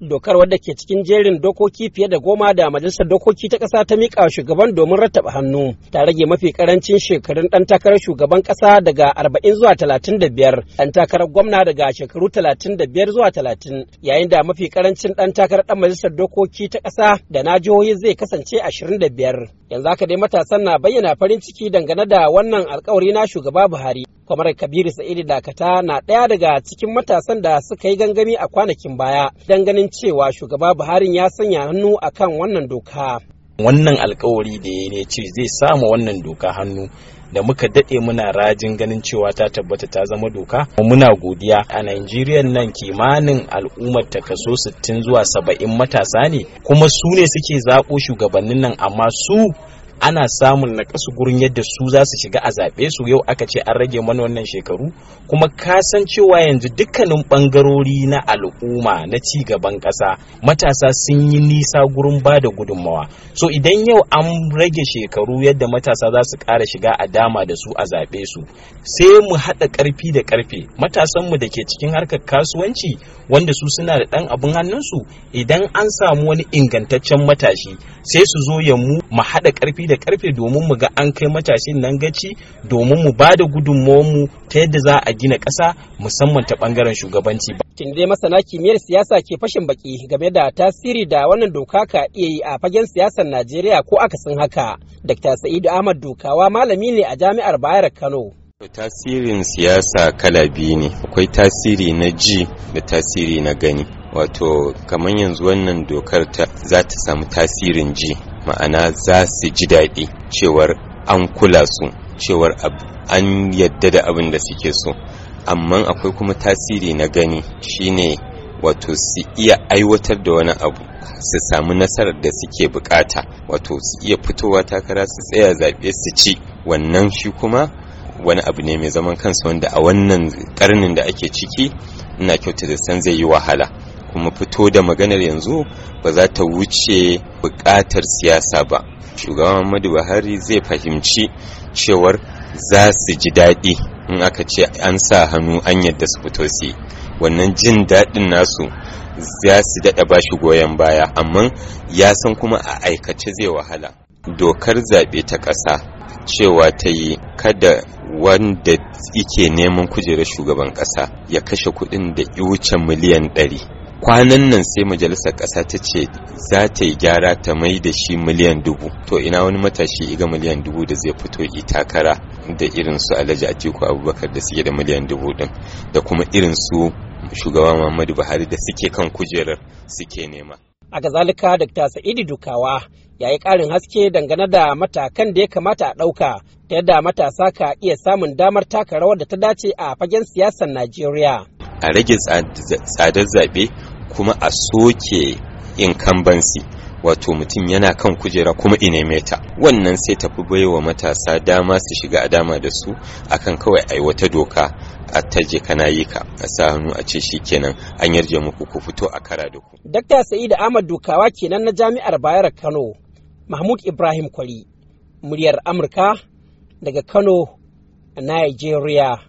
dokar wadda ke cikin jerin dokoki fiye da goma da majalisar dokoki ta ƙasa ta miƙa shugaban domin rattaba hannu ta rage mafi karancin shekarun ɗan takarar shugaban ƙasa daga arba'in zuwa talatin da biyar ɗan takarar gwamna daga shekaru talatin da biyar zuwa talatin yayin da mafi karancin ɗan takarar ɗan majalisar dokoki ta ƙasa da na jihohi zai kasance ashirin da biyar yanzu haka dai matasan na bayyana farin ciki dangane da wannan alkawari na shugaba buhari Kamar kabiru sa'idu dakata na ɗaya daga cikin matasan da suka yi gangami a kwanakin baya don ganin cewa shugaba buhari ya sanya hannu akan wannan doka wannan alkawari da ya ne ce zai samu wannan doka hannu da muka daɗe muna rajin ganin cewa ta tabbata ta zama doka muna godiya a Najeriya nan kimanin al'ummar ta kaso 60 zuwa 70 matasa ne kuma su ne suke zaƙo shugabannin nan amma su ana samun na kasu gurin yadda su za su shiga a zaɓe su yau aka ce an rage mana wannan shekaru kuma ka san cewa yanzu dukkanin ɓangarori na al'umma na ci gaban ƙasa matasa sun yi nisa gurin ba da gudunmawa so idan yau an rage shekaru yadda matasa za su ƙara shiga a dama da su a zaɓe su sai mu haɗa ƙarfi da ƙarfe matasanmu da ke cikin harkar kasuwanci wanda su suna da ɗan abin hannunsu idan an samu wani ingantaccen matashi sai su zo ya mu mu haɗa ƙarfi da karfe domin mu ga an kai matashin nan gaci domin mu ba da mu ta yadda za a gina kasa, musamman ta bangaren shugabanci. Kin dai masana kimiyyar siyasa ke fashin baki game da tasiri da wannan doka ka iya yi a fagen siyasar Najeriya ko akasin haka. Dr. Sa'idu Ahmad Dokawa malami ne a Jami'ar Bayar Kano. Tasirin siyasa kala biyu ne, akwai tasiri na ji da tasiri na gani. wato kamar yanzu wannan dokar ta za ta samu tasirin ji ma'ana za su ji daɗi cewar an kula su cewar an yadda da abin da suke so amma akwai kuma tasiri na gani shine wato su iya aiwatar da wani abu su samu nasarar da suke bukata wato su iya fitowa takara su tsaya zaɓe su ci wannan shi kuma wani abu ne mai zaman kansa wanda a wannan karnin da ake ciki ina kyauta da san zai yi wahala kuma fito da maganar yanzu ba za ta wuce buƙatar siyasa ba shugaban muhammadu buhari zai fahimci cewar za su ji daɗi in aka ce an sa hannu an yadda su fito su wannan jin daɗin nasu za su daɗa ba shi goyon baya amma ya san kuma a aikace zai wahala dokar zaɓe ta ƙasa cewa ta yi kada wanda yake neman kujerar shugaban ƙasa ya kashe kuɗin da wuce miliyan ɗari kwanan nan sai majalisar ƙasa ta ce za ta yi gyara ta mai da shi miliyan dubu to ina wani matashi iga miliyan dubu da zai fito yi takara da irin su alhaji atiku abubakar da suke da miliyan dubu din da kuma irin su shugaba muhammadu buhari da suke kan kujerar suke nema a kazalika dr sa'idu dukawa ya yi ƙarin haske dangane da matakan da ya kamata a ɗauka ta yadda matasa ka iya samun damar taka rawar da ta dace a fagen siyasar najeriya a rage tsadar zaɓe kuma a soke in incumbency wato mutum yana kan kujera kuma meta wannan sai tafi baiwa matasa dama su shiga a dama da su akan kawai ai wata doka a taje kana yi ka a sa hannu a ce kenan an yarje muku ku fito a kara da ku dakta sa'id ahmad dukawa kenan na jami'ar bayar kano mahmud ibrahim kwari muryar amurka daga kano a nigeria